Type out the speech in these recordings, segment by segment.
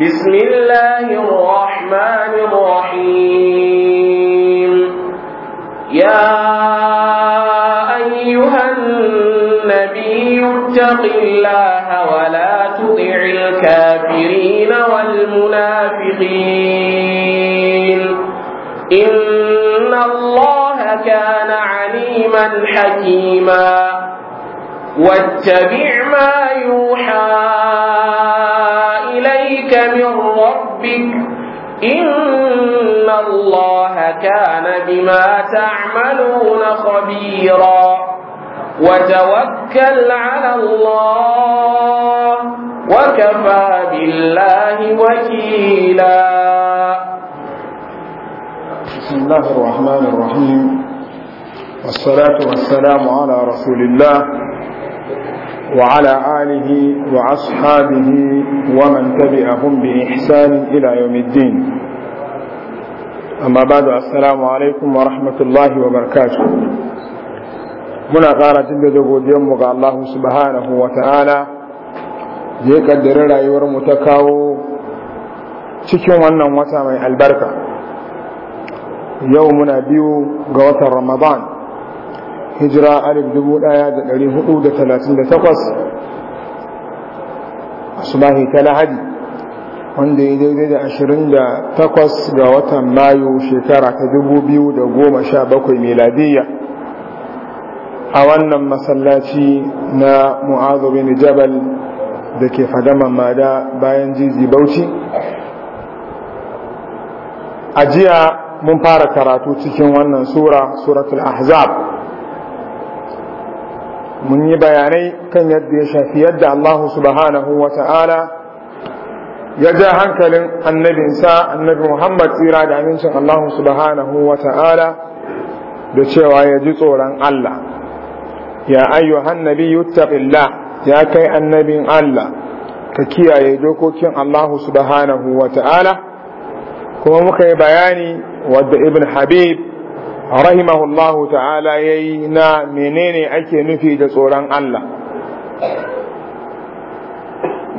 بسم الله الرحمن الرحيم يا أيها النبي اتق الله ولا تطع الكافرين والمنافقين إن الله كان عليما حكيما واتبع ما يوحى من ربك إن الله كان بما تعملون خبيرا وتوكل على الله وكفى بالله وكيلا بسم الله الرحمن الرحيم والصلاة والسلام على رسول الله وعلى آله وأصحابه ومن تبعهم بإحسان إلى يوم الدين أما بعد السلام عليكم ورحمة الله وبركاته من قال جند الله سبحانه وتعالى جيك الدرر يور متكاو cikin wannan wata mai albarka yau muna biyu ga hijira alif dubu ɗaya da ɗari da talatin da takwas ta lahadi wanda ya daidai da ashirin da takwas ga watan mayu shekara ta dubu biyu da goma sha bakwai miladiyya a wannan masallaci na mu'azu bin jabal da ke fadaman mada bayan jiji bauchi a jiya mun fara karatu cikin wannan sura suratul ahzab mun yi bayanai kan yadda ya shafi yadda Allah subhanahu wa ta'ala ya ja hankalin annabinsa annabi Muhammad tsira da amincin Allah subhanahu wa ta'ala da cewa ya ji tsoron Allah ya ayyuhan nabi yuttaqillah ya kai annabin Allah ka kiyaye dokokin Allah subhanahu wa ta'ala kuma muka yi bayani wadda ibn Habib rahimahullahu ta'ala yayi na menene ake nufi da tsoron Allah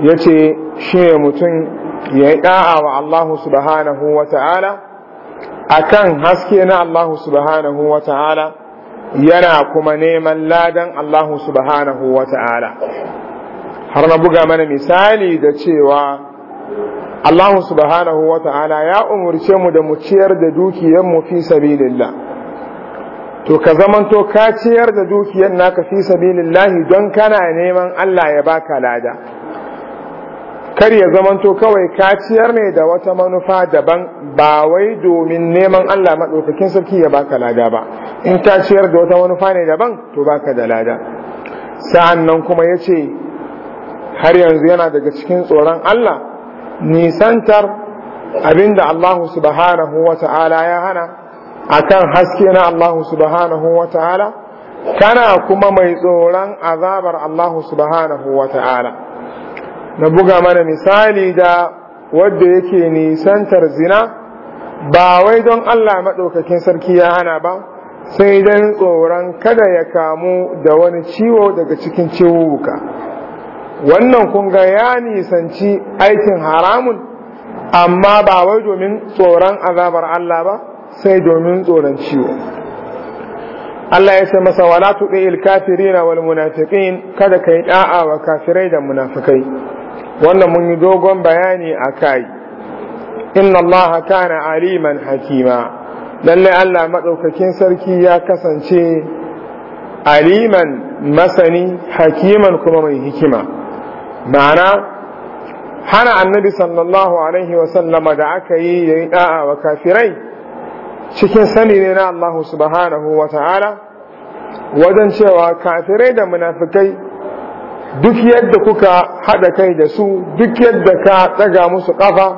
yace shi mutum ya yi da'a wa Allah subhanahu wa ta'ala akan haske na Allah subhanahu wa ta'ala yana kuma neman ladan Allah subhanahu wa ta'ala har na buga mana misali da cewa Allah subhanahu wa ta'ala ya umurce mu da mu ciyar da dukiyar mu fi sabilillah to ka zamanto ka ciyar da dukiyar naka fi sabilillahi don kana neman Allah ya baka lada kar ya zamanto kawai ka ciyar ne da wata manufa daban ba wai domin neman Allah maɗaukakin sarki ya baka lada ba in ka ciyar da wata manufa ne daban to baka da lada sa'an nan kuma ya ce har yanzu yana daga cikin tsoron Allah nisantar abinda Allah subhanahu wa ta'ala ya hana akan haske na Allah subhanahu wa ta'ala kana kuma mai tsoron azabar Allah subhanahu wa ta'ala na buga mana misali da wadda yake nisantar zina ba wai don Allah maɗaukakin sarki ya hana ba sai don tsoron kada ya kamu da wani ciwo daga cikin ciwuka wannan kunga ya nisanci aikin haramun amma ba wai domin tsoron azabar Allah ba sai domin tsoron ciwo Allah ya ce masa wala tuɗi ilkafirina wal munafiqin kada yi ɗa'a wa kafirai da munafikai wannan mun yi dogon bayani a kai inna Allah kana aliman hakima lalle Allah maɗaukakin sarki ya kasance aliman masani hakiman kuma mai hikima ma'ana hana annabi sallallahu alaihi wasallama da aka yi ya yi ɗa'a wa kafirai cikin sani ne na Allah subhanahu wa ta'ala wajen cewa kafirai da munafikai duk yadda kuka haɗa kai da su duk yadda ka tsaga musu ƙafa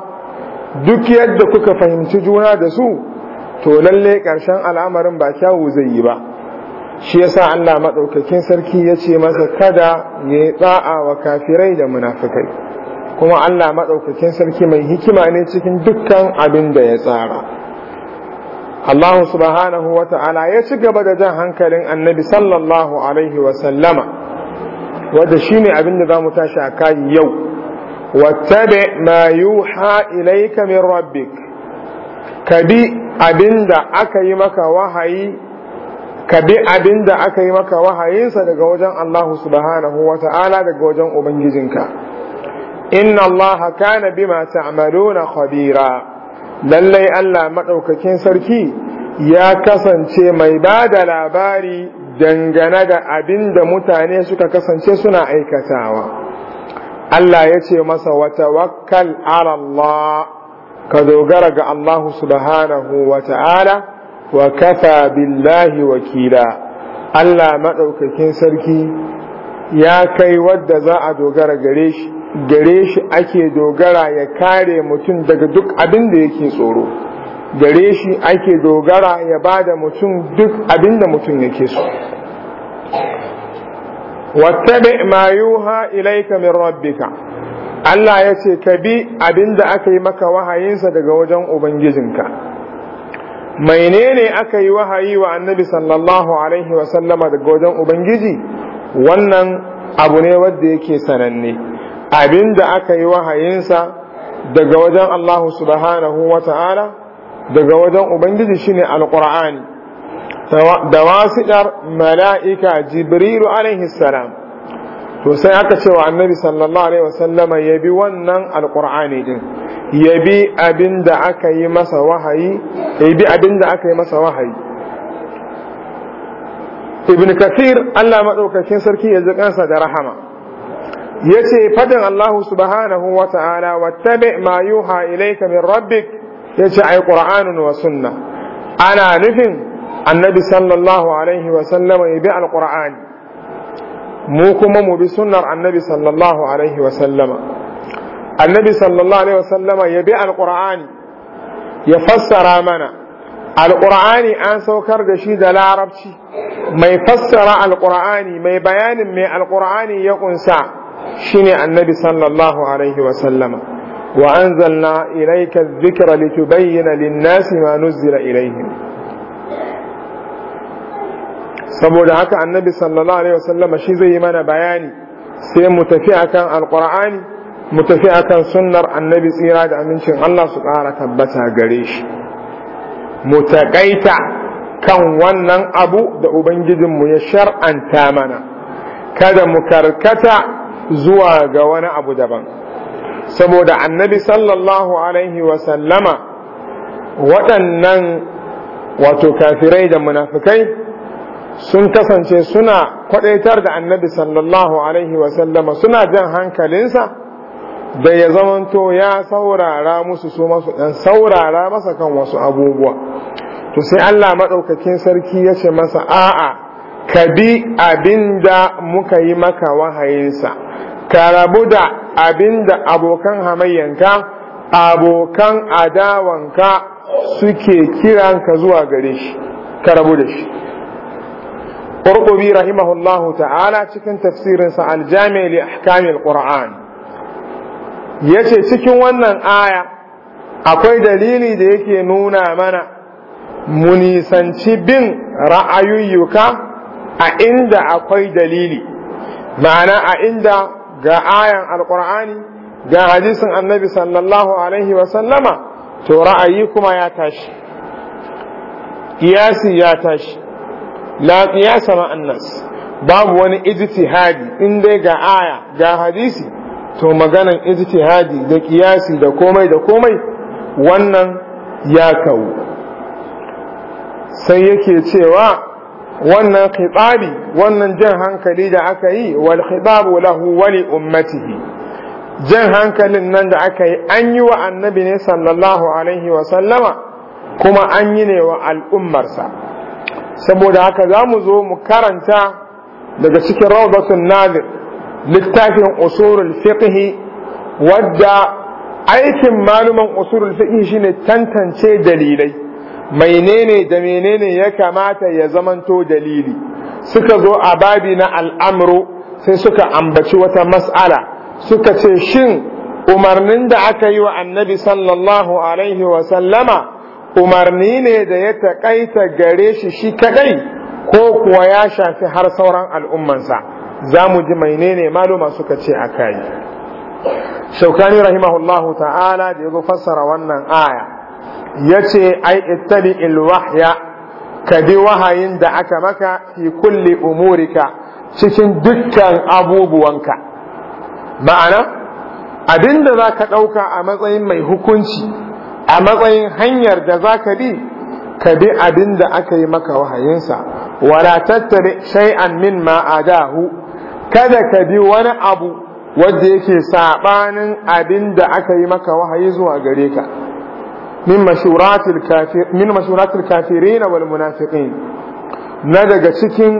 duk yadda kuka fahimci juna da su to lalle ƙarshen al'amarin ba kyawu zai yi ba shi yasa Allah maɗaukakin sarki ya ce masa kada ya yi tsa'a wa kafirai da munafikai kuma Allah maɗaukakin sarki mai hikima ne cikin dukkan abin da ya tsara Allahu subhanahu wa ta'ala ya ci gaba da jan hankalin annabi sallallahu alaihi wa sallama wadda shi abin da za mu tashi a kayi yau wattabe ma yuha ilaika min rabbik ka bi abin da aka yi maka wahayi ka bi abin da aka yi maka wahayinsa daga wajen Allahu subhanahu wa ta'ala daga wajen Ubangijinka inna Allah kana bima ta'maluna khabira lallai Allah maɗaukakin sarki ya kasance mai ba da labari dangane da abin da mutane suka kasance suna aikatawa. Allah ya ce masa wata wakkal Allah ka dogara ga Allah subhanahu wa ta'ala wa kafa billahi wakila. Allah maɗaukakin sarki ya kai wadda za a dogara gare shi gare shi ake dogara ya kare mutum daga duk abin da yake tsoro gare shi ake dogara ya ba da mutum duk abin da mutum yake so wattabi ma yuha ilaika min rabbika Allah ya ce ka bi abin da aka yi maka wahayinsa daga wajen ubangijinka menene aka yi wahayi wa annabi sallallahu alaihi wasallama daga wajen ubangiji wannan abu ne wadda yake sananne Abinda aka yi wahayinsa daga wajen Allah subhanahu wa ta'ala daga wajen Ubangiji shi shine alƙur'ani da wasiɗar mala'ika Jibrilu alaihi salam to sai aka ce wa annabi sallallahu alaihi wasallama ya bi wannan Al-Qur'ani din ya bi abinda aka yi masa wahayi ya bi abinda aka yi masa wahayi ibn kathir Allah maɗaukakin sarki ya ji kansa da rahama Ya ce fadin Allahu subhanahu wa ta'ala wattabi ma yuha ilaika min rabbik ce ai qur'anun wa sunna ana nufin annabi sallallahu alaihi wa sallama ya bi alqur'ani mu kuma mu bi sunnar annabi sallallahu alaihi wa sallama annabi sallallahu alaihi wa sallama ya bi alqur'ani ya fassara mana alqur'ani an saukar da shi da larabci mai fassara alqur'ani mai bayanin mai alqur'ani ya ƙunsa. shine annabi sallallahu alaihi wa sallama wa anzalna ilayka adh-dhikra litubayyana lin-nasi saboda haka annabi sallallahu alaihi wa sallama shi zai yi mana bayani sai mu tafi akan alqur'ani mu tafi akan sunnar annabi tsira da amincin Allah su ƙara tabbata gare shi mu taƙaita kan wannan abu da ubangijinmu ya shar'anta mana kada mu karkata zuwa ga wani abu daban saboda annabi sallallahu alaihi wasallama waɗannan wato kafirai da munafikai sun kasance suna kwadaitar da annabi sallallahu alaihi wasallama suna jan hankalinsa da ya zamanto ya saurara musu su masu ɗan saurara masa kan wasu abubuwa to sai Allah maɗaukakin sarki ya ce masa a'a ka bi abin da muka yi maka wahayinsa ka rabu da abinda abokan hamayyanka abokan adawanka suke kiranka zuwa gare shi ka rabu da shi qurtubi rahimahullahu ta'ala cikin tafsirinsa aljami Ahkamil Ƙur'an. Ya yace cikin wannan aya akwai dalili da yake nuna mana mu nisanci bin ra'ayoyuka a inda akwai dalili ma'ana a inda ga ayan alkur'ani ga hadisin annabi sallallahu alaihi wasallama to ra'ayi kuma ya tashi kiyasi ya tashi la kiyasa ma annas babu wani ijtihadi in dai ga aya ga hadisi to maganan ijtihadi da kiyasi da komai da komai wannan ya kawo sai yake cewa wannan khitabi wannan jan hankali da aka yi wal khitabu lahu wa li ummatihi jan hankalin nan da aka yi an yi wa annabi ne sallallahu alaihi wa sallama kuma an yi ne wa al'ummarsa saboda haka za mu zo mu karanta daga cikin rawdatun nadir littafin usulul fiqh wadda aikin maluman usulul fiqh shine tantance dalilai menene da menene ya kamata ya zamanto dalili suka zo a babi na al'amru sai suka ambaci wata mas'ala suka ce shin umarnin da aka yi wa annabi sallallahu alaihi wasallama umarni ne da ya taƙaita gare shi shi kaɗai ko kuwa ya shafi har sauran al'ummansa za mu ji menene maluma suka ce a kai shaukani rahimahullahu ta'ala da ya zo fassara wannan aya ya ce ai ittabi ilwahya ka bi wahayin da aka maka fi kulli umurika cikin dukkan abubuwanka ma'ana abinda za ka ɗauka a matsayin mai hukunci a matsayin hanyar da za ka bi ka bi abinda aka yi maka wahayinsa wala tattare shay'an min ma ma'adahu kada ka bi wani abu wanda yake sabanin abinda aka yi maka wahayi zuwa gare ka min mashuratul kafir min wal munafiqin na daga cikin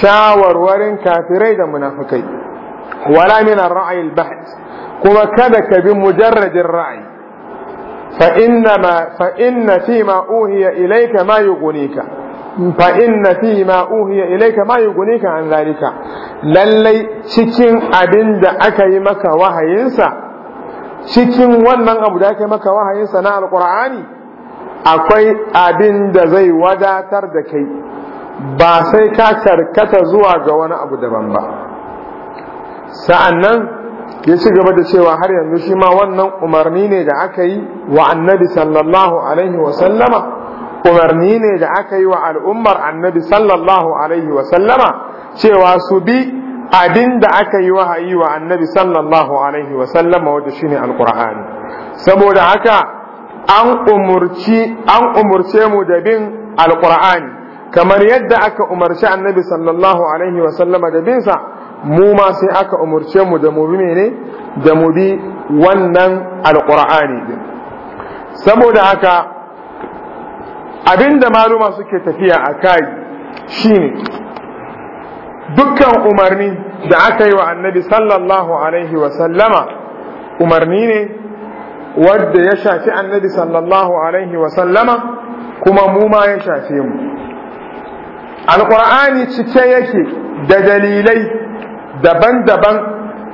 shawarwarin kafirai da munafikai wala min ra'ayil rai kuma kada ka bi mujarradin ra'ayi. fa inna ma fa inna fi ma uhiya ilayka ma yughnika fa inna fi ma uhiya ilayka ma yughnika an zalika lallai cikin abin da aka yi maka wahayinsa cikin wannan abu da ake maka wahayin sana alkur'ani akwai abin da zai wadatar da kai ba sai ka karkata zuwa ga wani abu daban ba sa'annan ya ci gaba da cewa har yanzu shi ma wannan umarni ne da aka yi wa annabi sallallahu alaihi wa umarni ne da aka yi wa al'ummar annabi sallallahu alaihi wa cewa su bi abin da aka yi wahayi wa annabi sallallahu alaihi wasallama wadda shi ne alkur'ani saboda haka an umurci an umurce mu da bin alkur'ani kamar yadda aka umarci annabi sallallahu alaihi wasallama da binsa mu ma sai aka umurce mu da mu bi da mu bi wannan alkur'ani din saboda haka abin da maluma suke tafiya a kai shine dukkan umarni da aka yi wa annabi sallallahu alaihi wasallama umarni ne wadda ya shafi annabi sallallahu alaihi wasallama kuma mu ma ya shafe mu alkur'ani cike yake da dalilai daban-daban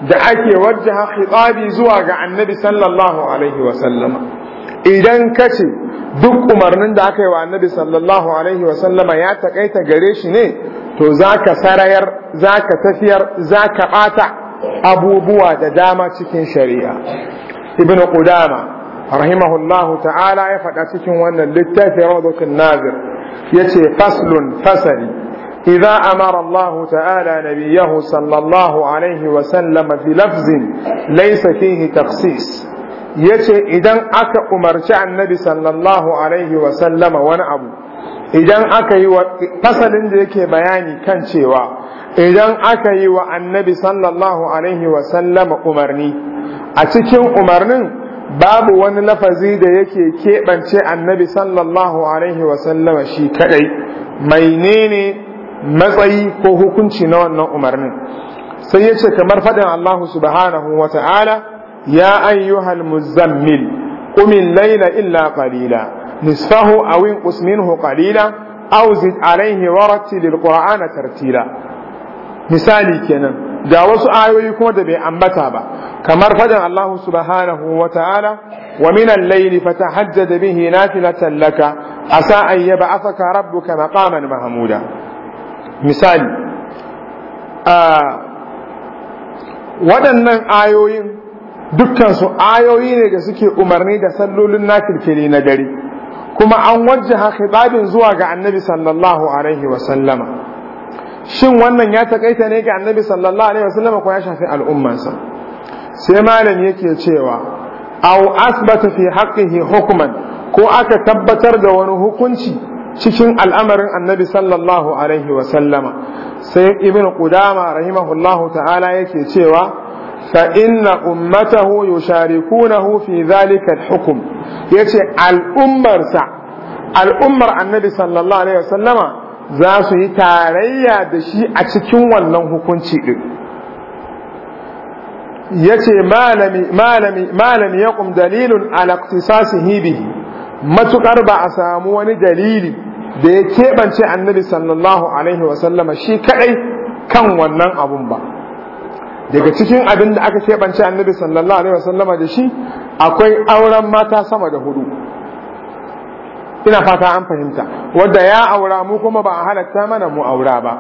da ake wajaha hitsabi zuwa ga annabi sallallahu alaihi wasallama idan ka ce duk umarnin da aka yi wa annabi sallallahu alaihi wasallama ya takaita gare shi ne to zaka sarayar zaka tafiyar zaka ɓata abubuwa da dama cikin shari'a ibn qudama rahimahullahu ta'ala ya faɗa cikin wannan littafin rawdatun nazir yace faslun fasali إذا أمر الله تعالى نبيه صلى الله عليه وسلم في لفظ ليس فيه تخصيص yace idan aka umarci annabi sallallahu alaihi wasallama wani abu idan aka yi wa fasalin da yake bayani kan cewa idan aka yi wa annabi sallallahu alaihi wasallama umarni a cikin umarnin babu wani lafazi da yake keɓance annabi sallallahu alaihi sallama shi kadai mai nene matsayi ko hukunci na wannan umarnin sai ya ce kamar faɗin Allah subhanahu wa ta'ala ya ayyuhal muzammil umin laila illa qalila nisfahu awin inqus minhu qalila aw zid alayhi warattil alqur'ana tartila misali kenan ga wasu ayoyi kuma da bai ambata ba kamar fadan Allah subhanahu wa ta'ala wa min al-layli fatahajjad bihi nafilatan laka asa an yab'athaka rabbuka maqaman mahmuda misali waɗannan ayoyin dukkansu ayoyi ne da suke umarni da sallolin na kirkiri na dare kuma an wajjaha khitabin zuwa ga annabi sallallahu alaihi wa sallama shin wannan ya takaita ne ga annabi sallallahu alaihi wa sallama ko ya shafi al'ummansa sai malam yake cewa aw asbata fi haqqihi hukman ko aka tabbatar da wani hukunci cikin al'amarin annabi sallallahu alaihi wa sallama sai ibnu qudama rahimahullahu ta'ala yake cewa fa inna ummatahu yusharikunahu fi zalika hukum. hukm yace al'ummarsa al'ummar annabi sallallahu za su yi tarayya da shi a cikin wannan hukunci din yace malami malami malami yaqum dalilun ala iqtisasihi bihi matukar ba a samu wani dalili da ya keɓance annabi sallallahu shi kadai kan wannan abun ba daga cikin abin da aka keɓance annabi sallallahu alaihi wasallama da shi akwai auren mata sama da hudu ina fata an fahimta wadda ya aura mu kuma ba a halatta mana mu aura ba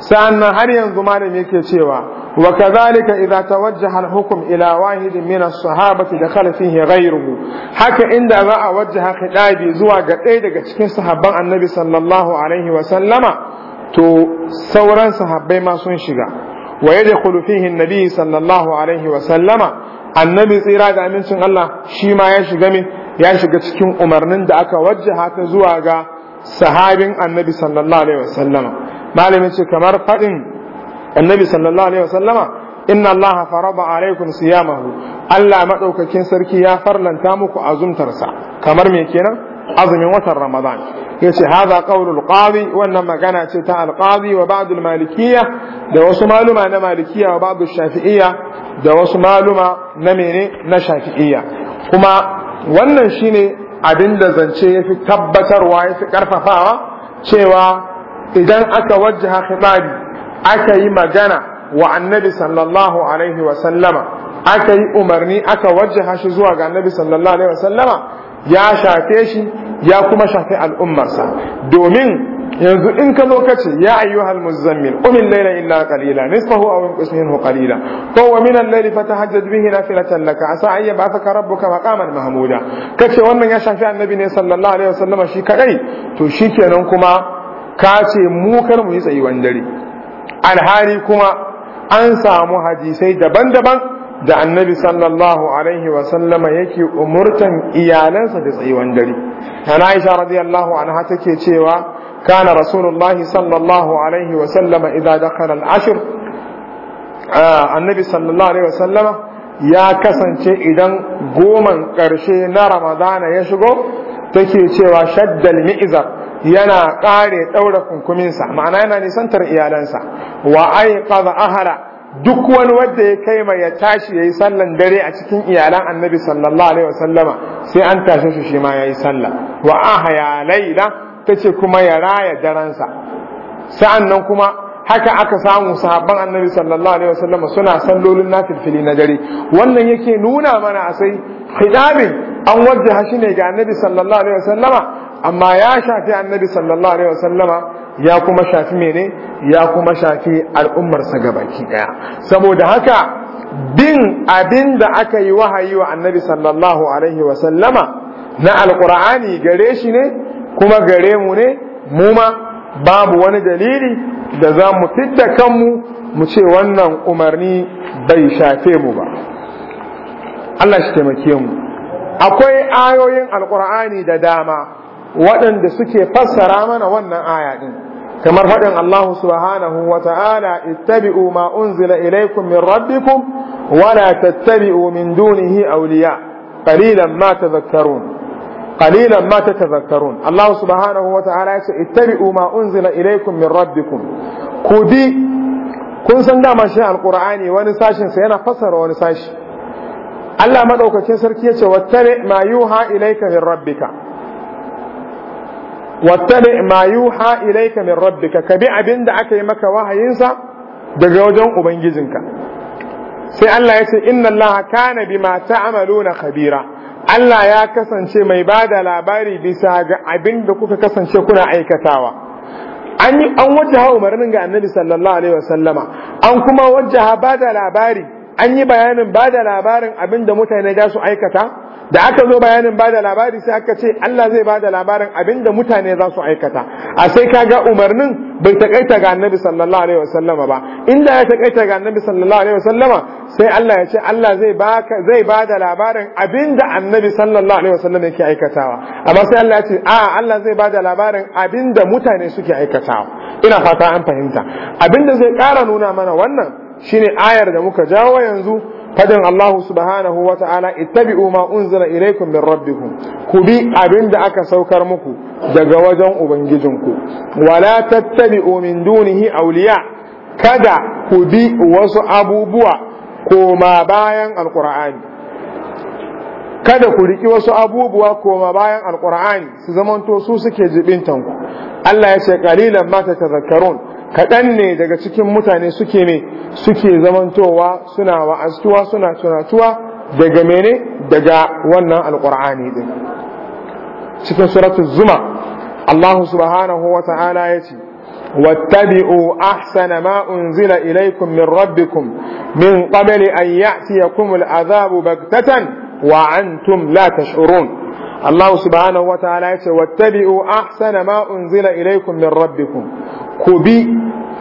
Sannan har yanzu malam yake cewa wa kadhalika idza tawajjaha al-hukm ila wahidin min as-sahabati dakhala fihi ghayruhu haka inda za a wajjaha khidabi zuwa ga ɗaya daga cikin sahabban annabi sallallahu alaihi wa sallama to sauran sahabbai ma sun shiga wa yadkhulu fihi an-nabi sallallahu alaihi wa sallama annabi tsira da amincin Allah shi ma ya shiga min ya shiga cikin umarnin da aka wajjaha ta zuwa ga sahabin annabi sallallahu alaihi wa sallama malamin ce kamar fadin annabi sallallahu alaihi wa sallama inna allaha farada alaikum siyamahu Allah madaukakin sarki ya farlanta muku azumtarsa kamar me kenan azumin watan ramadan yace hadha qawlul qadi wannan magana ce ta alqadi wa ba'd almalikiyya da wasu maluma na malikiyya wa ba'd shafi'iyya da wasu maluma na mene na shafi'iyya kuma wannan shine abin da zance yafi tabbatarwa yafi karfafawa cewa idan aka wajjaha khibari aka yi magana wa annabi sallallahu alaihi wa sallama aka yi umarni aka wajjaha shi zuwa ga annabi sallallahu alaihi wa sallama ya shafe shi ya kuma shafi al'ummarsa domin yanzu in ka zo ka ce ya ayyuhal muzammil umin laila illa qalila nisfahu aw inqus minhu qalila ko wa min al-layli fatahajjad bihi nafilatan laka asa an yab'athaka rabbuka maqaman mahmuda kace wannan ya shafi annabi ne sallallahu alaihi wasallama shi kadai to shikenan kuma ka ce mu kar mu yi tsayuwan dare alhali kuma an samu hadisai daban-daban da annabi sallallahu alaihi wasallama yake umurtan iyalansa da tsayuwan dare ana aisha radiyallahu anha take cewa kana rasulullahi sallallahu alaihi wasallama idza dakhala al-ashr annabi sallallahu alaihi wasallama ya kasance idan goman karshe na ramadana ya shigo take cewa shaddal mi'zar yana kare daura kunkuminsa ma'ana yana nisantar iyalansa wa aiqadha ahla duk wani wanda ya kai mai ya tashi ya yi sallan dare a cikin iyalan annabi sallallahu alaihi wasallama sai an tashe shi shi ma yi sallah wa ahya laila ce kuma ya raya daransa Sa'an nan kuma haka aka samu sahabban annabi sallallahu alaihi wasallama suna sallolin nafilfili na dare wannan yake nuna mana a sai hijabin an wajaha shi ne ga annabi sallallahu alaihi wasallama amma ya shafi annabi sallallahu alaihi wasallama ya kuma shafi mene ya kuma shafi al'ummarsa gabaki daya saboda haka bin abin da aka yi wahayi wa annabi sallallahu alaihi wasallama na alkur'ani gare shi ne kuma gare mu ne mu ma babu wani dalili da za mu fidda kanmu mu ce wannan umarni bai shafe mu ba Allah shi taimake mu akwai ayoyin alkur'ani da dama waɗanda suke fassara mana wannan aya ɗin kamar faɗin Allah subhanahu wa ta'ala ittabi'u ma unzila ilaikum min rabbikum wa tattabi'u min dunihi awliya qalilan ma tadhakkarun قليلا ما تتذكرون الله سبحانه وتعالى اتبعوا ما أنزل إليكم من Ku bi kun san dama shi alqur'ani wani sashin sa yana fassara wani sashi Allah madaukakin sarki yace wattare ma yuha ilaika min rabbika wattabi ma yuha ilayka min rabbika ka bi abin da aka yi maka wahayinsa daga wajen ubangijinka sai Allah ya ce inna Allah kana bima ta'maluna khabira Allah ya kasance mai bada labari bisa ga abinda kuka kasance kuna aikatawa an yi an wajaha umarnin ga annabi sallallahu alaihi wasallama an kuma wajaha bada labari an yi bayanin bada labarin abinda mutane za su aikata da aka zo bayanin ba da labari sai aka ce Allah zai ba da labarin abinda mutane za su aikata a sai ka ga umarnin bai takaita ga annabi sallallahu alaihi wasallama ba inda ya takaita ga annabi sallallahu alaihi wasallama sai Allah ya ce Allah zai baka zai ba da labarin abinda annabi sallallahu alaihi wasallama yake aikatawa amma sai Allah ya ce a Allah zai ba da labarin abinda mutane suke aikatawa ina fata an fahimta abin da zai ƙara nuna mana wannan shine ayar da muka jawo yanzu fadin Allahu subhanahu wa ta'ala ittabi'u ma unzila ilaykum min rabbikum ku bi abin da aka saukar muku daga wajen ubangijinku wala tattabi'u min dunihi awliya kada ku bi wasu abubuwa koma bayan alqur'ani kada ku riki wasu abubuwa koma bayan alqur'ani su zamanto su suke jibintanku Allah ya ce qalilan ma tatazakkarun kaɗan ne daga cikin mutane suke ne suke zamantowa suna wa'aztuwa suna tunatuwa daga mene daga wannan alƙur'ani din cikin suratul zuma Allah subhanahu wa ta'ala ya ce واتبعوا أحسن ما أنزل إليكم من ربكم من قبل أن يأتيكم العذاب بغتة وأنتم لا تشعرون Allah subhanahu wa ta'ala yace wattabi'u ahsana ma unzila ilaykum min rabbikum ku bi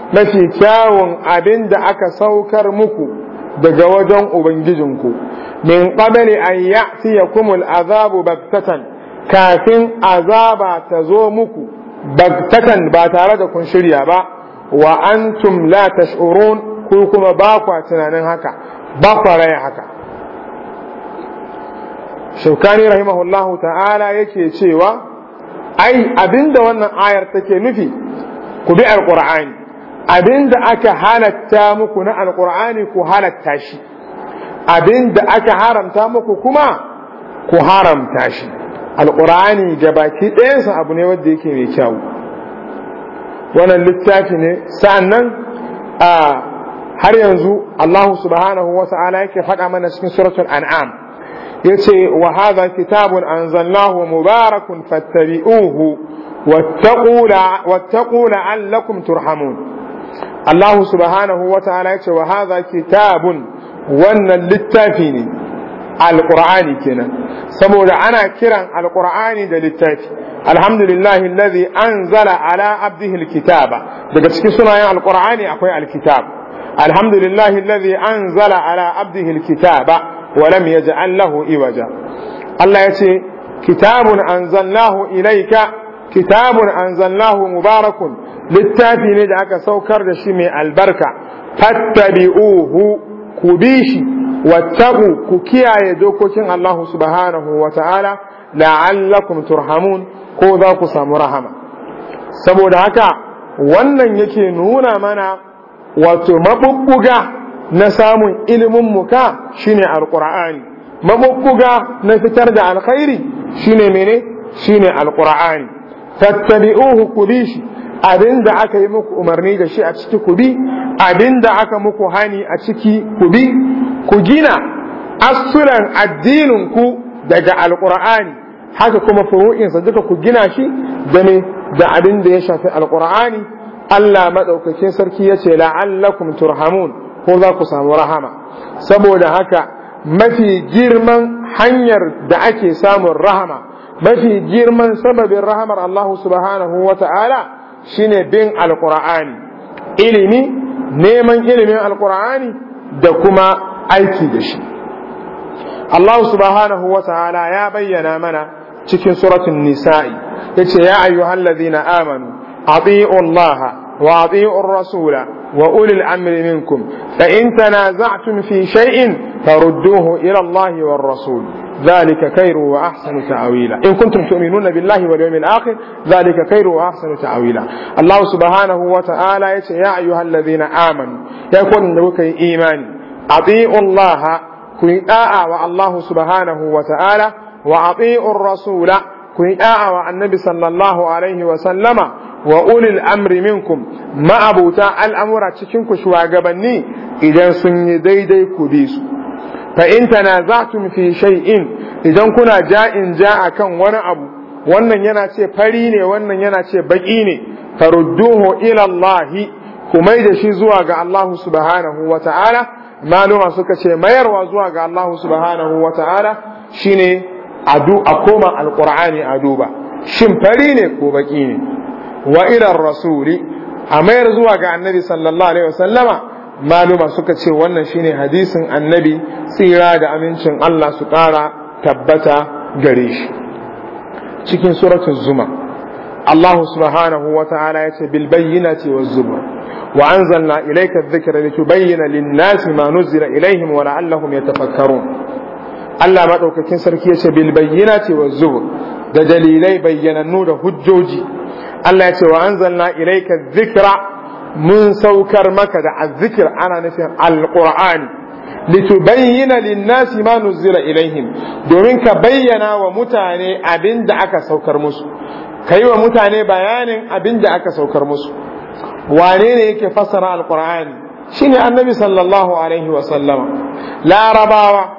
mafi kyawun abin da aka saukar muku daga wajen ubangijinku min qabli an ya'tiyakum al'azabu baghtatan kafin azaba ta zo muku baghtatan ba tare da kun shirya ba wa antum la tash'urun ku kuma ba kwa tunanin haka ba kwa raya haka shaukani rahimahullahu ta'ala yake cewa ai abinda wannan ayar take nufi ku bi alqur'ani abinda aka halatta muku na alqur'ani ku halatta shi abinda aka haramta muku kuma ku haramta shi alqur'ani gabaki ɗayansa abu ne wanda yake mai kyau wannan littafi ne Sannan a har yanzu Allah subhanahu wa ta'ala yake faɗa mana cikin suratul an'am yace wa hadha kitabun anzalnahu mubarakun fattabi'uhu wattaqu wattaqu la'allakum turhamun Allah subhanahu wa ta'ala yace wa hadha kitabun wannan littafi ne alqur'ani kenan saboda ana kiran alqur'ani da littafi alhamdulillah alladhi anzala ala abdihi alkitaba daga cikin sunayen alqur'ani akwai alkitab alhamdulillah alladhi anzala ala abdihi alkitaba Walam lam yaj'al lahu iwaja Allah yace kitabun anzalnahu ilayka kitabun anzalnahu mubarakun littafi ne da aka saukar da shi mai albarka fattabi'uhu ku bi shi wattaqu ku kiyaye dokokin Allah subhanahu wa ta'ala la'allakum turhamun ko za ku samu rahama saboda haka wannan yake nuna mana wato mabubbuga na samun ilimin muka shine alƙura'ani mabukuga na fitar da alkhairi shine mene shine alqur'ani shi abin da aka yi muku umarni da shi a ciki ku bi da aka muku hani a ciki ku bi ku gina asulan addinin ku daga alƙura'ani haka kuma furu'insa duka ku gina shi da ne da abin da ya shafi alƙura'ani Allah madaukakin sarki yace la'allakum turhamun ko za ku samu rahama saboda haka mafi girman hanyar da ake samun rahama mafi girman sababin rahamar Allah subhanahu wa ta'ala shine bin alqur'ani ilimi neman ilimin alqur'ani da kuma aiki da shi Allah subhanahu wa ta'ala ya bayyana mana cikin suratun nisa'i Ya ce ya ayyuhallazina amanu ati'u Allah وأطيعوا الرسول وأولي الأمر منكم فإن تنازعتم في شيء فردوه إلى الله والرسول ذلك خير وأحسن تعويلا إن كنتم تؤمنون بالله واليوم الآخر ذلك خير وأحسن تعويلا الله سبحانه وتعالى يا أيها الذين آمنوا يكون لك إيمان أطيعوا الله كن آآ آه، آه، والله سبحانه وتعالى وأطيعوا الرسول ku yi da'a wa annabi sallallahu alaihi wa sallama wa ulil amri minkum ma'abuta al'amura cikin ku shugabanni idan sun yi daidai ku bi su fa in tanaza'tum fi shay'in idan kuna ja'in ja'a kan wani abu wannan yana ce fari ne wannan yana ce baki ne farudduhu ila Allah ku mai da shi zuwa ga Allah subhanahu wa ta'ala maluma suka ce mayarwa zuwa ga Allah subhanahu wa ta'ala shine adu a koma alƙur'ani a duba shin fari ne ko baƙi ne wa ilar rasuli a mayar zuwa ga annabi sallallahu alaihi wasallama maluma suka ce wannan shine hadisin annabi tsira da amincin Allah su ƙara tabbata gare shi cikin suratul zuma Allahu subhanahu wa ta'ala ya ce bil bayyinati wa zubur wa anzalna ilaika adh-dhikra litubayyana lin-nasi ma nuzila ilayhim wa la'allahum yatafakkarun Allah maɗaukakin sarki ya ce bil bayyana ce wa da dalilai bayyanannu da hujjoji Allah ya ce wa anzalna ilaika zikira mun saukar maka da azikir ana nufin alqur'ani litubayyana linnasi nasi ma nuzila ilaihim domin ka bayyana wa mutane abinda aka saukar musu ka yi wa mutane bayanin abinda aka saukar musu wane ne yake fassara alqur'ani shine annabi sallallahu alaihi wa sallama larabawa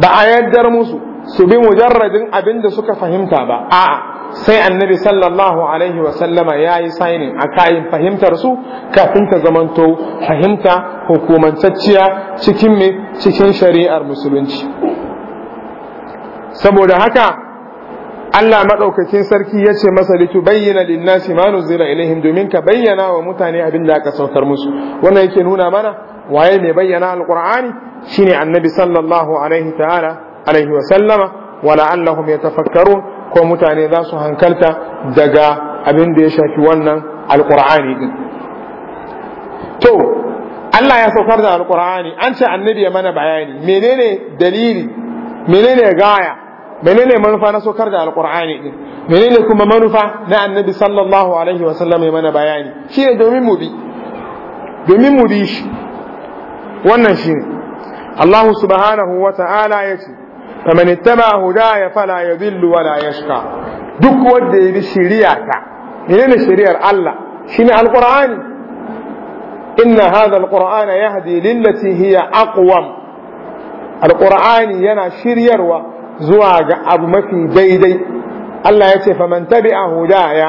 ba a yaddar musu su bi mujarradin abin da suka fahimta ba a'a sai annabi sallallahu alaihi wa sallama ya yi sainin a kayan fahimtar su kafin ta zamanto fahimta hukumantacciya cikin cikin shari'ar musulunci saboda haka Allah maɗaukakin sarki ya ce masa litu bayyana linnasi ma nuzila ilaihim domin ka bayyana wa mutane abin da aka saukar musu wannan yake nuna mana waye mai bayyana alqur'ani shine annabi sallallahu alaihi ta'ala alaihi wa sallama wa la'allahum yatafakkarun ko mutane za su hankalta daga abin da ya shafi wannan alqur'ani din to Allah ya saukar da alqur'ani an ce annabi ya mana bayani menene dalili menene gaya menene manufa na saukar da alqur'ani din menene kuma manufa na annabi sallallahu alaihi wa sallam ya mana bayani shine domin mu bi domin mu bi shi wannan ne. Allah subhanahu wa ta'ala ya ce faman ittaba hudaya fala yadhillu wala yashqa duk wanda ya bi shari'ata menene shari'ar Allah shine alqur'ani inna hadha ya yahdi lillati hiya aqwam alqur'ani yana shiryarwa zuwa ga abu mafi daidai Allah ya ce faman tabi'a hudaya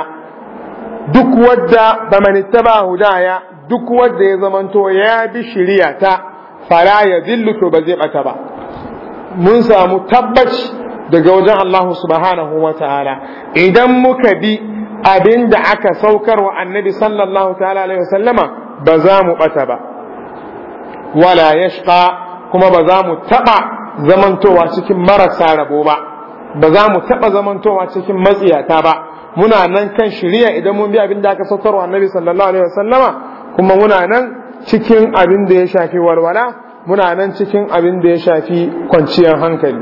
duk wadda faman ittaba hudaya duk wanda ya zamanto ya bi shirya ta fara ya zillu to ba zai bata ba mun samu tabbaci daga wajen Allah subhanahu wa ta'ala idan muka bi abin da aka saukar wa annabi sallallahu ta'ala alaihi wasallama ba za mu bata ba wala yashqa kuma ba za mu taba zamantowa cikin marasa rabo ba ba za mu taba zamantowa cikin matsiyata ba muna nan kan shirya idan mun bi abin da aka saukar wa annabi sallallahu alaihi wasallama kuma muna nan cikin abin da ya shafi walwala muna nan cikin abin da ya shafi kwanciyar hankali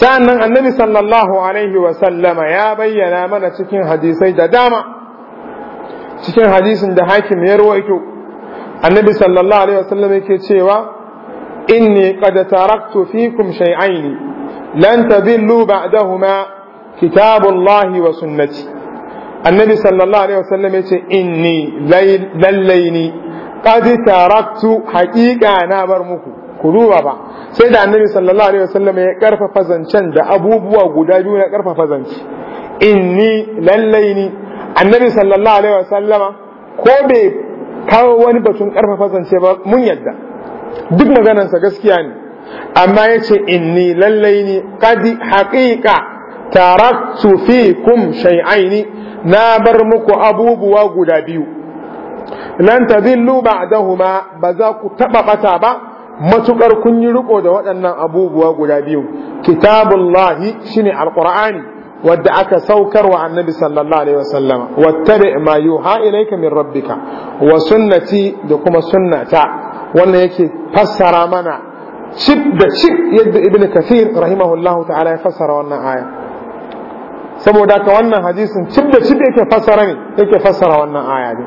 sa'annan annabi sallallahu alaihi wa sallama ya bayyana mana cikin hadisai da dama cikin hadisin da hakim ya rawaito annabi sallallahu alaihi wa sallama yake cewa inni qad taraktu fikum shay'aini lan tadillu ba'dahuma kitabullahi wa sunnati annabi sallallahu alaihi wasallam yace inni lallai ni qad taraktu haqiqa na bar muku ku duba ba sai da annabi sallallahu alaihi wasallam ya karfafa zancen da abubuwa guda biyu na karfafa zance inni lallai annabi sallallahu alaihi wasallama ko bai kawo wani batun karfafa zance ba mun yadda duk maganarsa gaskiya ne amma yace inni lallai ni haqiqa taraktu fiikum shay'aini na bar muku abubuwa guda biyu lan tazillu ba'dahuma ba za ku taɓa ɓata ba matukar kun yi riko da waɗannan abubuwa guda biyu kitabullahi shine alqur'ani wadda aka saukar wa annabi sallallahu alaihi wasallam wattabi ma yuha ilayka min rabbika wa sunnati da kuma sunnata wannan yake fassara mana cib da cib yadda ibnu kathir rahimahullahu ta'ala ya fassara wannan aya saboda ka wannan hadisin cib da cib yake fassara ne yake fassara wannan aya ne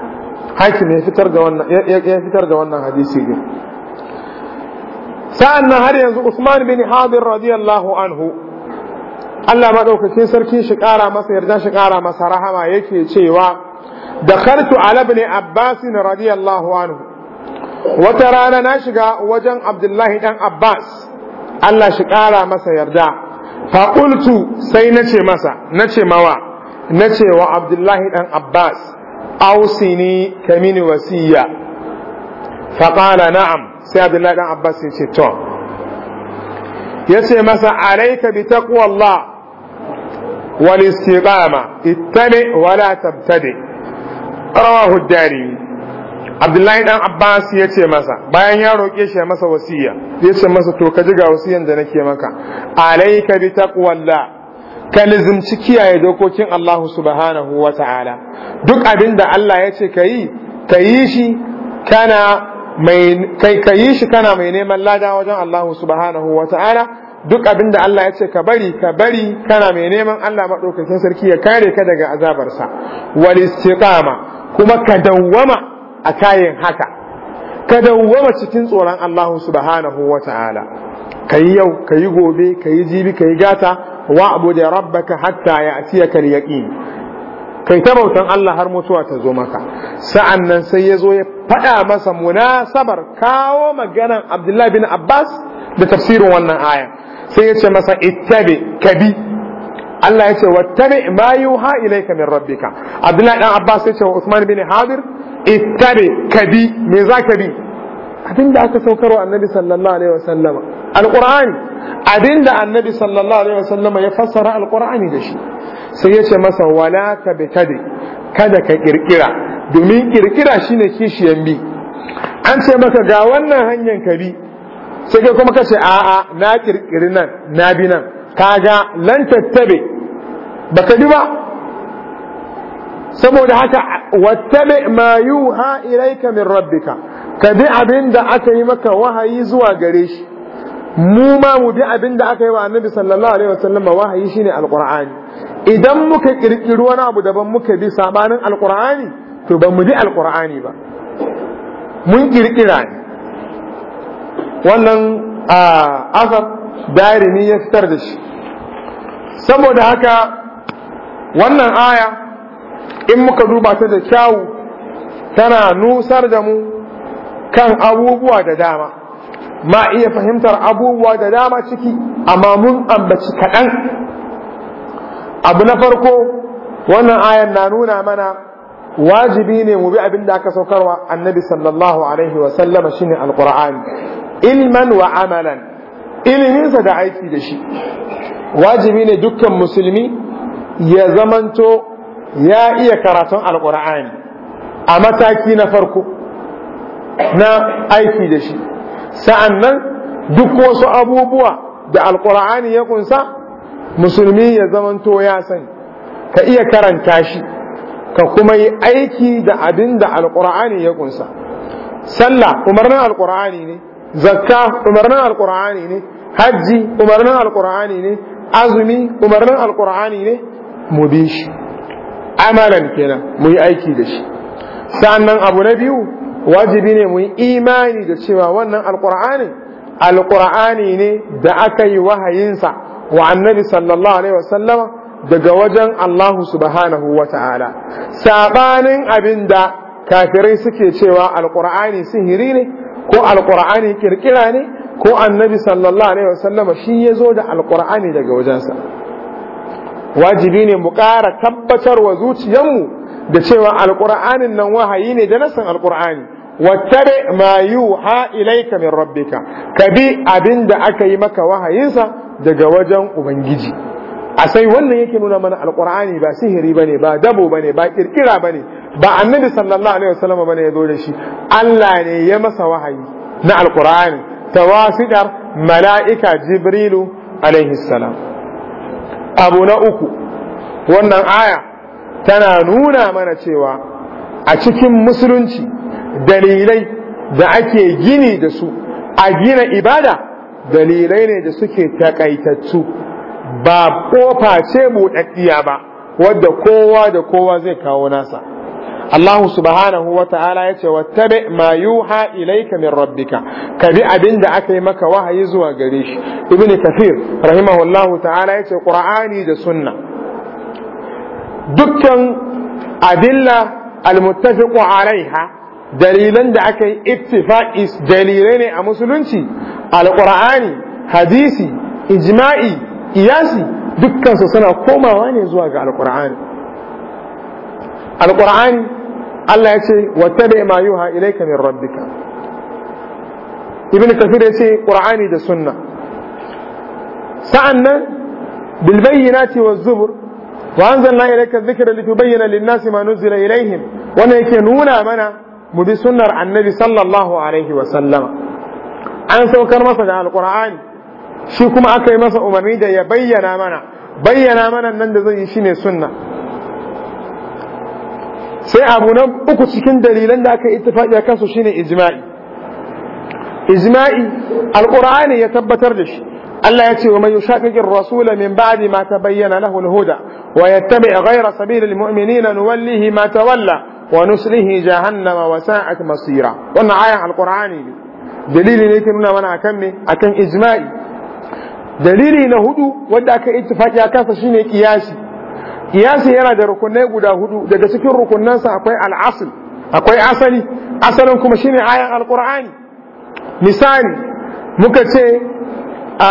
hakim ya fitar da wannan ya fitar da wannan hadisi ne sa'an nan har yanzu Usman bin Hadir radiyallahu anhu Allah madaukakin sarkin shi kara masa yarda shi kara masa rahama yake cewa dakhaltu ala ibn Abbas radiyallahu anhu wata rana na shiga wajen Abdullahi dan Abbas Allah shi kara masa yarda faƙultu sai na ce masa na ce mawa na wa abdullahi ɗan abbas ausini kamini wasiya faƙala na'am sai abdullahi ɗan abbas ya ce to ya ce masa alaika bi taqwallah wal istiqama ittabi wala tabtadi rawahu ad-darimi abdullahi dan abbas ya ce masa bayan ya roƙe shi masa wasiya ya ce masa to ka ji ga wasiyan da nake maka alayka bi taqwallah ka lizimci kiyaye dokokin Allah subhanahu wa ta'ala duk abin da Allah ya ce ka yi shi kana mai ka yi shi kana mai neman lada wajen Allah subhanahu wa ta'ala duk abin da Allah ya ce ka bari ka bari kana mai neman Allah madaukakin sarki ya kare ka daga azabarsa wal istiqama kuma ka dawwama a kayan haka ka dawwama cikin tsoron Allah subhanahu wa ta'ala ka yi yau ka yi gobe ka yi jibi ka yi gata wa abu da rabbaka hatta ya atiya kal yaqin kai ta bautan Allah har mutuwa ta zo maka sa'an nan sai ya zo ya faɗa masa munasabar kawo maganan Abdullahi bin Abbas da tafsirin wannan aya sai ya ce masa ittabi kabi Allah ya ce wattabi ma yuha ilayka min rabbika Abdullahi dan Abbas ya ce wa Uthman bin Hadir ittabi kabi me za ka bi abinda aka saukarwa annabi sallallahu alaihi wasallama alqur'ani abinda annabi sallallahu alaihi wasallama ya fassara alqur'ani da shi sai ya ce masa wala ka kadi kada ka kirkira domin kirkira shine kishiyan bi an ce maka ga wannan hanyar ka bi sai kai kuma ka kace a'a na kirkiri nan na bi nan kaga lan tattabe baka bi ba saboda haka wattabi ma yuha ilayka min rabbika ka bi abin da aka yi maka wahayi zuwa gare shi mu ma mu bi abin da aka yi wa annabi sallallahu alaihi wasallam wahayi shine alqur'ani idan muka kirkiri wani abu daban muka bi sabanin alqur'ani to ba mu bi alqur'ani ba mun kirkira ne wannan asar darimi ya fitar da shi saboda haka wannan aya in muka duba ta da kyawu tana nusar da mu kan abubuwa da dama ma iya fahimtar abubuwa da dama ciki amma mun ambaci kaɗan abu na farko wannan ayan na nuna mana wajibi ne mu bi abin da aka saukarwa annabi sallallahu alaihi wa sallama shine alqur'ani ilman wa amalan iliminsa da aiki da shi wajibi ne dukkan musulmi ya zamanto ya iya karatun alkur'ani a mataki na farko na aiki da shi Sa'an nan duk wasu abubuwa da alƙura'ani ya kunsa musulmi ya zamanto ya sani ka iya karanta shi ka kuma yi aiki da abin da alƙura'ani ya kunsa sallah umarnin alƙura'ani ne zakka umarnin alƙura'ani ne hajji umarnin alƙura'ani ne azumi umarnin alkur'ani ne mu bi shi amalan kenan mu yi aiki da shi sannan abu na biyu wajibi ne mu yi imani da cewa wannan alkur'ani alkur'ani ne da aka yi wahayinsa wa annabi sallallahu alaihi wasallama daga wajen Allah subhanahu wa ta'ala sabanin abinda kafirai suke cewa alkur'ani sihiri ne ko alkur'ani kirkira ne ko annabi sallallahu alaihi wasallama shi ya zo da alkur'ani daga wajensa wajibi ne mu ƙara tabbatarwa zuciyarmu da cewa alƙur'anin nan wahayi ne da nasan alƙur'ani wattabe ma yuha ilaika min rabbika ka bi abin da aka yi maka wahayinsa daga wajen ubangiji a sai wannan yake nuna mana alƙur'ani ba sihiri ne, ba dabo ne, ba ba ne, ba annabi sallallahu alaihi wasallam bane ya zo da shi Allah ne ya masa wahayi na alƙur'ani tawasitar mala'ika jibrilu alaihi salam abu na uku wannan aya tana nuna mana cewa a cikin musulunci dalilai da ake gini da su a gina ibada dalilai ne da suke takaitattu ba kofa ce buɗaɗɗiya ba wadda kowa da kowa zai kawo nasa Allah subhanahu wa ta'ala ya ce wattabi ma yuha ilayka min rabbika ka bi abin aka yi maka wahayi zuwa gare shi ibn kathir rahimahullah ta'ala ya ce qur'ani da sunna dukkan adilla almuttafiqu alaiha dalilan da aka yi ittifaqi dalilai ne a musulunci alqur'ani hadisi ijma'i iyasi dukkansu suna komawa ne zuwa ga alqur'ani alqur'ani Allah ya ce wattabi ma yuha ilayka min rabbika ibn kafir ya ce qur'ani da sunna sa'annan bil bayyinati waz zubur wa anzalna ilayka dhikra litubayyana lin-nasi ma nuzila ilayhim wannan yake nuna mana mu bi sunnar annabi sallallahu alaihi wa sallama an saukar masa da alqur'ani shi kuma aka yi masa umarni da ya bayyana mana bayyana mana nan da zai yi shine sunna سي ابو سيعبونا أكو سكين دليلا لك اتفاق يكاسو شين إزمائي إزمائي القرآن يتبتر لش الله يتي ومن يشاكك الرسول من بعد ما تبين له الهدى ويتبع غير سبيل المؤمنين نوليه ما تولى ونسله جهنم وساءت مصيرا وانا عاية القرآن دليل نيكنا وانا أكمي أكن إزمائي دليل نهدو ودك اتفاق يكاسو شين كياسي kiyasi yana da rukunai guda hudu daga cikin rukunansa akwai al'asul akwai asali asalin kuma shine ayan alqur'ani misali muka ce a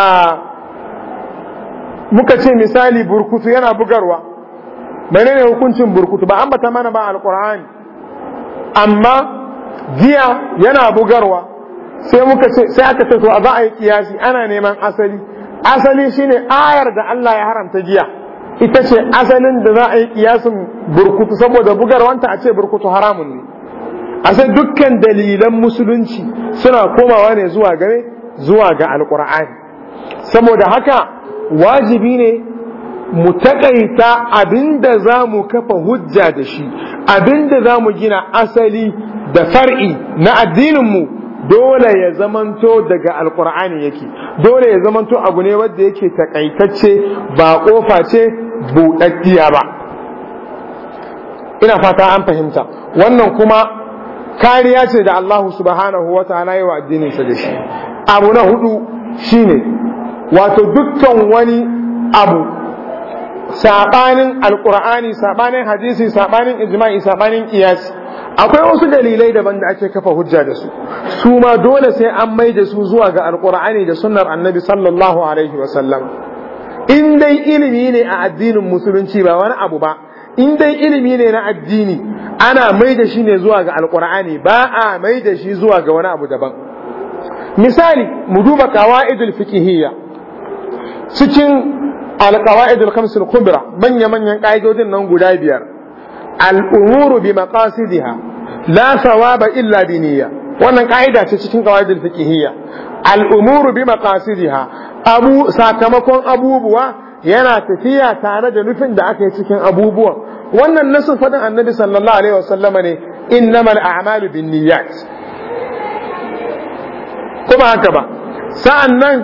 muka ce misali burkutu yana bugarwa menene hukuncin burkutu ba ambata mana ba alkur'ani amma giya yana bugarwa sai muka ce sai aka ce to a za a yi kiyasi ana neman asali asali shine ayar da Allah ya haramta giya ita ce asalin da za a yi kiyasin burkutu saboda bugarwanta a ce burkutu haramun ne A sai dukkan dalilan musulunci suna komawa ne zuwa game zuwa ga alkur'ani saboda haka wajibi ne mu takaita abinda za mu kafa hujja da shi abinda za mu gina asali da far'i na addinin mu. dole ya zamanto daga alkur'ani yake dole ya zamanto abu ne wadda yake takaitacce ba kofa ce buɗaɗɗiya ba ina fata an fahimta wannan kuma kariya ce da Allah subhanahu wa ta'ala yi wa addininsa da shi abu na hudu shine wato dukkan wani abu sabanin alqur'ani sabanin hadisi sabanin ijma'i sabanin qiyas akwai wasu dalilai daban da ake kafa hujja da su su ma dole sai an mai da su zuwa ga alqur'ani da sunnar annabi sallallahu alaihi wa in dai ilimi ne a addinin musulunci ba wani abu ba in dai ilimi ne na addini ana mai da shi ne zuwa ga alqur'ani ba a mai da shi zuwa ga wani abu daban misali mu duba qawaidul fiqhiyya cikin alqawaidul khams al kubra manya manyan kaidodin nan guda biyar al umuru bi maqasidiha la illa wannan kaida ce cikin qawaidul fiqhiyya al umuru bi maqasidiha abu sakamakon abubuwa yana tafiya tare da nufin da aka yi cikin abubuwan wannan nasu fadin annabi sallallahu alaihi wasallama ne innamal a'malu bin niyyat kuma haka ba sa'an nan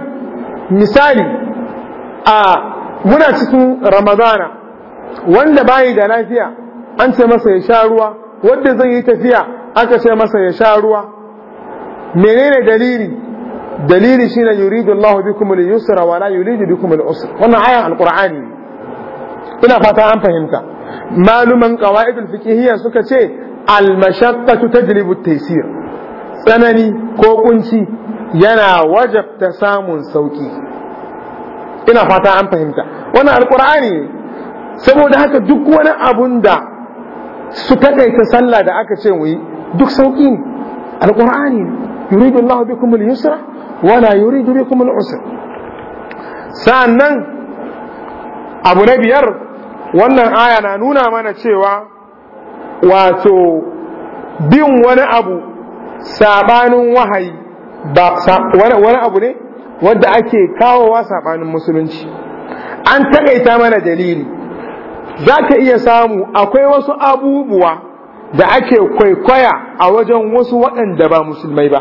misali a muna cikin ramadana wanda bayi da lafiya an ce masa ya sha ruwa wanda zai yi tafiya aka ce masa ya sha ruwa menene dalili dalili shine yuridu Allah bikum al-yusra wa la yuridu bikum al-usra wannan ayan alqur'ani ina fata an fahimta maluman qawaid al-fiqhiyya suka ce al-mashaqqatu tajlibu at-taysir tsanani ko kunci yana wajabta samun sauki ina fata an fahimta wannan ne. saboda haka duk wani abun da su takaita sallah da aka ce wuyi duk sauki ne alkur'ani yuridu Allah bikum al-yusra wa la yuridu bikum al-usra sa'annan abu na biyar wannan aya na nuna mana cewa wato bin wani abu sabanin wahayi ba wani abu ne wadda ake kawowa saɓanin musulunci an taƙaita mana dalili za ka iya samu akwai wasu abubuwa da ake kwaikwaya a wajen wasu waɗanda ba musulmai ba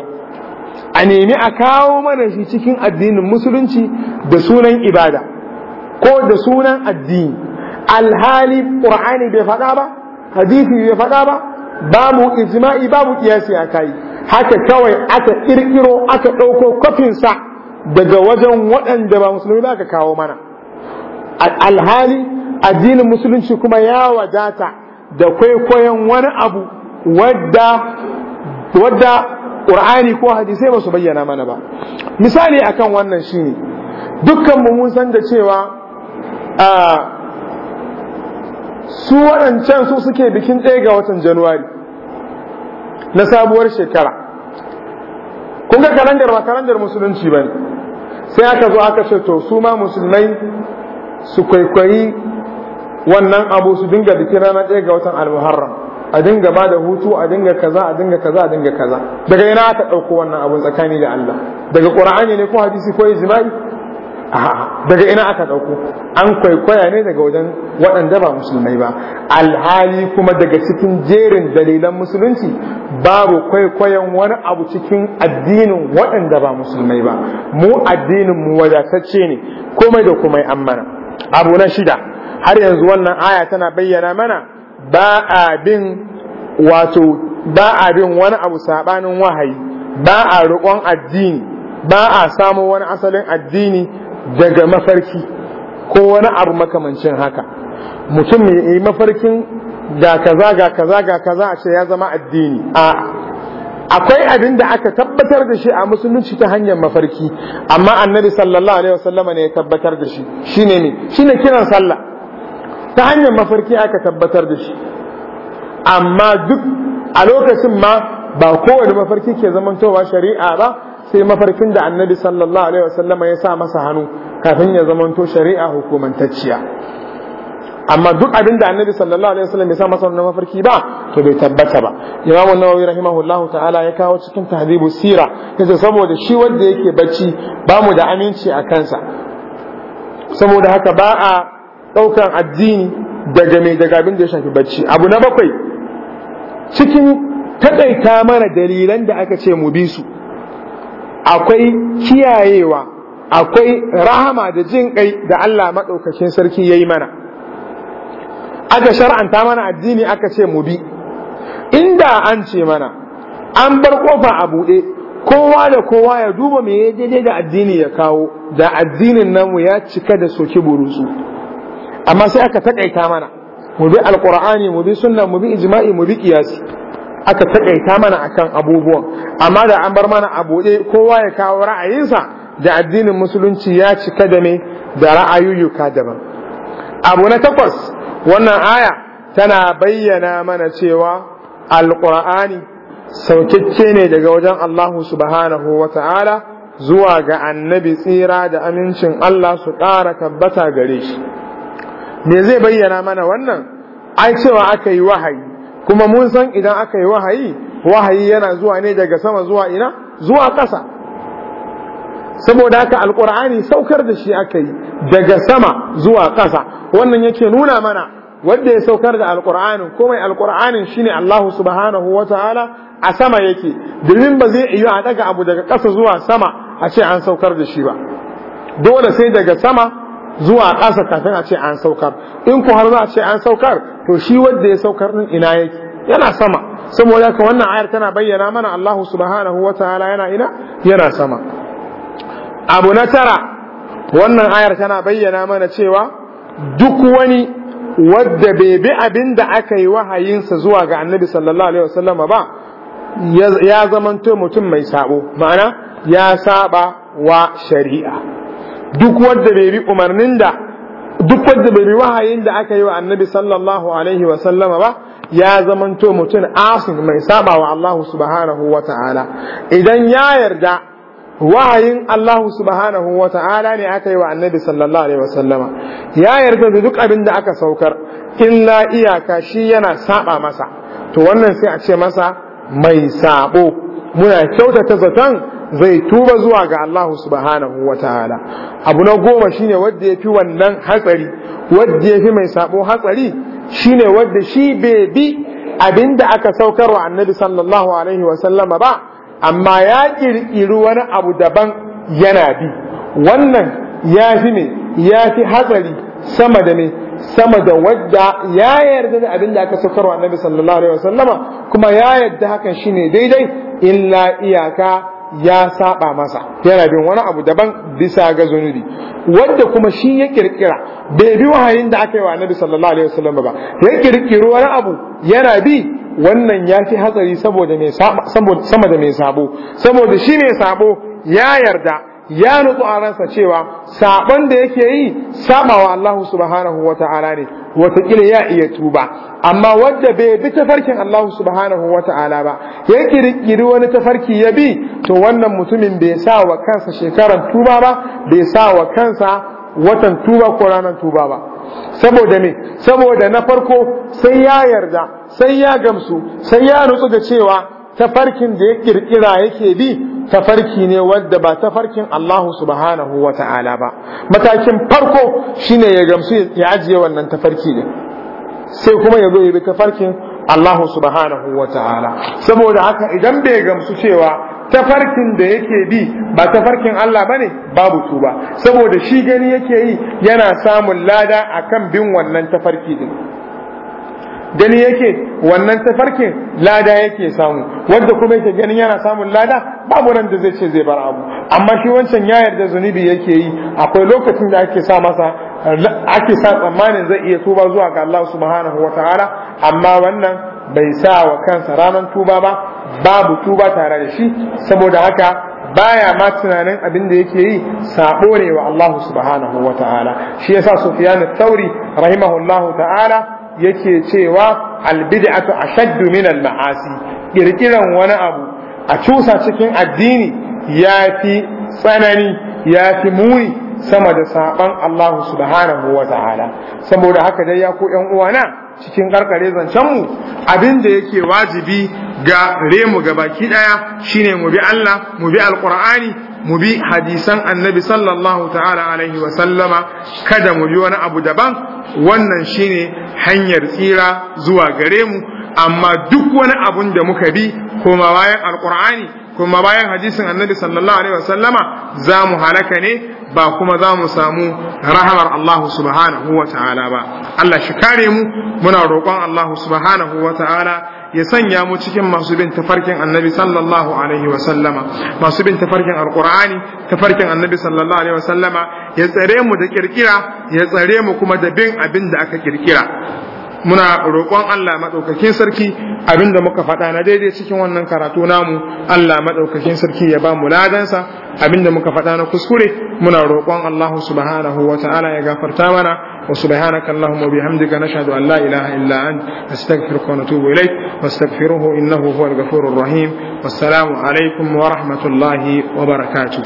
a nemi a kawo mana shi cikin addinin musulunci da sunan ibada ko da sunan addini alhali ƙur'ani bai faɗa ba hadisi bai faɗa ba ba mu babu ijma'i babu ƙiyasi a kai haka kawai aka ƙirƙiro aka ɗauko kwafinsa daga wajen waɗanda ba musulmi ba ka kawo mana alhali addinin musulunci kuma ya wadata da kwaikwayon wani abu wadda wadda ƙur'ani ko hadisai ba su bayyana mana ba misali akan wannan shine dukkan mu mun san da cewa su waɗancan su suke bikin ɗaya ga watan januwari na sabuwar shekara kun ga kalandar ba kalandar musulunci ba ne sai aka zo aka ce to su ma musulmai su kwaikwayi wannan abu su dinga bikin rana ɗaya ga watan al-muharram a dinga ba da hutu a dinga kaza a dinga kaza a dinga kaza daga ina aka ɗauko wannan abun tsakani da Allah daga Qur'ani ne ko hadisi ko ijma'i daga ina aka ɗauko an kwaikwaya ne daga wajen waɗanda ba musulmai ba alhali kuma daga cikin jerin dalilan musulunci babu kwaikwayon wani abu cikin addinin waɗanda ba musulmai ba mu addinin mu wadatacce ne komai da komai an mana abu na shida har yanzu wannan aya tana bayyana mana ba a bin wato ba a bin wani abu saɓanin wahayi ba a roƙon addini ba a samu wani asalin addini daga mafarki ko wani abu makamancin haka mutum ya yi mafarkin ga kaza ga kaza ga kaza a ce ya zama addini a akwai abin da aka tabbatar da shi a musulunci ta hanyar mafarki amma annabi sallallahu alaihi wasallama ne ya tabbatar da shi shine ne shine kiran sallah ta hanyar mafarki aka tabbatar da shi amma duk a lokacin ma ba kowane mafarki ke zamantowa shari'a ba sai mafarkin da annabi sallallahu alaihi wasallama ya sa masa hannu kafin ya zamanto shari'a hukumantacciya amma duk abin da annabi sallallahu alaihi wasallam ya sa masa wannan mafarki ba to bai tabbata ba imamu nawawi rahimahullahu ta'ala ya kawo cikin tahdibu sira yace saboda shi wanda yake bacci ba mu da aminci a kansa saboda haka ba a daukan addini daga mai daga abin da ya shafi bacci abu na bakwai cikin takaita mana dalilan da aka ce mu bi su akwai kiyayewa akwai rahama da jin kai da Allah maɗaukakin sarki ya yi mana aka shar'anta mana addini aka ce mu bi inda an ce mana an bar kofa a buɗe kowa da kowa ya duba me ya daidai da addini ya kawo da addinin namu ya cika da soke burusu amma sai aka taƙaita mana mu bi alƙur'ani mu bi sunna mu bi ijma'i mu bi kiyasi aka taƙaita mana a kan abubuwan amma da an bar mana a buɗe kowa ya kawo ra'ayinsa da addinin musulunci ya cika da me da ra'ayoyuka daban abu na takwas wannan aya tana bayyana mana cewa alƙur'ani saukakke ne daga wajen Allahu subhanahu wa ta'ala zuwa ga annabi tsira da amincin Allah su ƙara tabbata gare shi me zai bayyana mana wannan ai cewa aka yi wahayi kuma mun san idan aka yi wahayi wahayi yana zuwa ne daga sama zuwa ina zuwa ƙasa saboda haka alƙur'ani saukar da shi aka yi daga sama zuwa ƙasa wannan yake nuna mana wanda ya saukar da Alƙur'ani, komai alƙur'anin shine Allah subhanahu wataala a sama yake domin ba zai iya a daga abu daga ƙasa zuwa sama a ce an saukar da shi ba dole sai daga sama zuwa ƙasa kafin a ce an saukar in ku har za a ce an saukar to shi wanda ya saukar din ina yake yana sama saboda haka wannan ayar tana bayyana mana Allah subhanahu wataala yana ina yana sama abu na tara wannan ayar tana bayyana mana cewa duk wani wadda bai bi abin da aka yi wahayinsa zuwa ga annabi sallallahu alaihi wasallam ba ya zamanto mutum mai sabo ma'ana ya saba wa shari'a duk wadda bai bi umarnin da duk wanda bai bi wahayin da aka yi wa annabi sallallahu alaihi wa sallama ba ya zamanto mutum asin mai saba wa Allah subhanahu wa ta'ala idan ya yarda wahayin Allah subhanahu wa ta'ala ne aka yi wa annabi sallallahu alaihi wa sallama ya yarda da duk abin da aka saukar illa iyaka shi yana saba masa to wannan sai a ce masa mai sabo muna kyautata zaton zai tuba zuwa ga Allah subhanahu wa ta'ala abu na goma shine wanda ya fi wannan hatsari wanda ya fi mai sabo hatsari shine wanda shi bai bi abinda aka saukar wa annabi sallallahu alaihi wa sallama ba amma ya ƙirƙiri wani abu daban yana bi wannan ya fi ne ya fi hatsari sama da ne sama da wadda ya yarda da abin da aka saukarwa annabi sallallahu alaihi wasallama kuma ya yarda hakan shine daidai illa iyaka ya saba masa yana bin wani abu daban bisa ga zunubi wanda kuma shi ya kirkira bai bi wahayin da aka yi wa annabi sallallahu alaihi wasallam ba ya kirkiro wani abu yana bi wannan ya fi hatsari saboda sama da mai sabo saboda shi mai sabo ya yarda ya nutsu a ransa cewa saban da yake yi sabawa Allah subhanahu wa ne watakila ya iya tuba amma wadda bai bi tafarkin Allah subhanahu wa ba ya ƙirƙiri wani tafarki ya bi to wannan mutumin bai sa wa kansa shekaran tuba ba bai sa wa kansa watan tuba ko ranar tuba ba saboda me saboda na farko sai ya yarda sai ya gamsu sai ya nutsu da cewa tafarkin da ya kirkira yake bi tafarki ne wadda ba tafarkin Allah subhanahu wa ta'ala ba matakin farko shine ya gamsu ya ajiye wannan tafarki ne sai kuma ya zo ya bi tafarkin Allah subhanahu wa ta'ala saboda haka idan bai gamsu cewa tafarkin da yake bi ba tafarkin Allah bane babu tuba saboda shi gani yake yi yana samun lada akan bin wannan tafarki din gani yake wannan tafarkin lada yake samu wanda kuma yake ganin yana samun lada babu ran da zai ce zai bar abu amma shi wancan ya yarda zunubi yake yi akwai lokacin da ake sa masa ake sa tsammanin zai iya tuba zuwa ga Allah subhanahu wataala amma wannan bai sa wa kansa ranar tuba ba babu tuba tare da shi saboda haka baya ma tunanin abin da yake yi sabo ne wa Allah subhanahu wataala shi yasa Sufyan tauri thawri rahimahullahu ta'ala yake cewa albid'atu ashaddu min al-ma'asi kirkiran wani abu a cusa cikin addini yafi tsanani yafi muni sama da saban Allah subhanahu wa ta'ala saboda haka dai ya ko ƴan uwana cikin karkare zancen mu abin da yake wajibi ga remu ga baki daya shine mu bi Allah mu bi alqur'ani mu bi hadisan annabi sallallahu ta'ala alaihi wa sallama kada mu bi wani abu daban wannan shine hanyar tsira zuwa gare mu amma duk wani abun da muka bi kuma bayan alqur'ani kuma bayan hadisin annabi sallallahu alaihi za mu halaka ne ba kuma za mu samu rahamar Allah subhanahu wa ta'ala ba Allah shi kare mu muna roƙon Allah subhanahu wa ta'ala ya sanya mu cikin masu bin tafarkin annabi sallallahu alaihi wa sallama masu bin tafarkin alqur'ani tafarkin annabi sallallahu alaihi wa sallama ya tsare mu da kirkira ya tsare mu kuma da bin abin da aka kirkira muna roƙon Allah maɗaukakin sarki abinda muka faɗa na daidai cikin wannan karatu namu Allah maɗaukakin sarki ya ba mu ladansa abinda muka faɗa na kuskure muna roƙon Allah subhanahu wa ta'ala ya gafarta mana wa subhanaka allahumma wa bihamdika nashhadu an la ilaha illa ant astaghfiruka wa natubu ilayk wastaghfiruhu innahu huwal ghafurur rahim wassalamu alaikum wa rahmatullahi wa barakatuh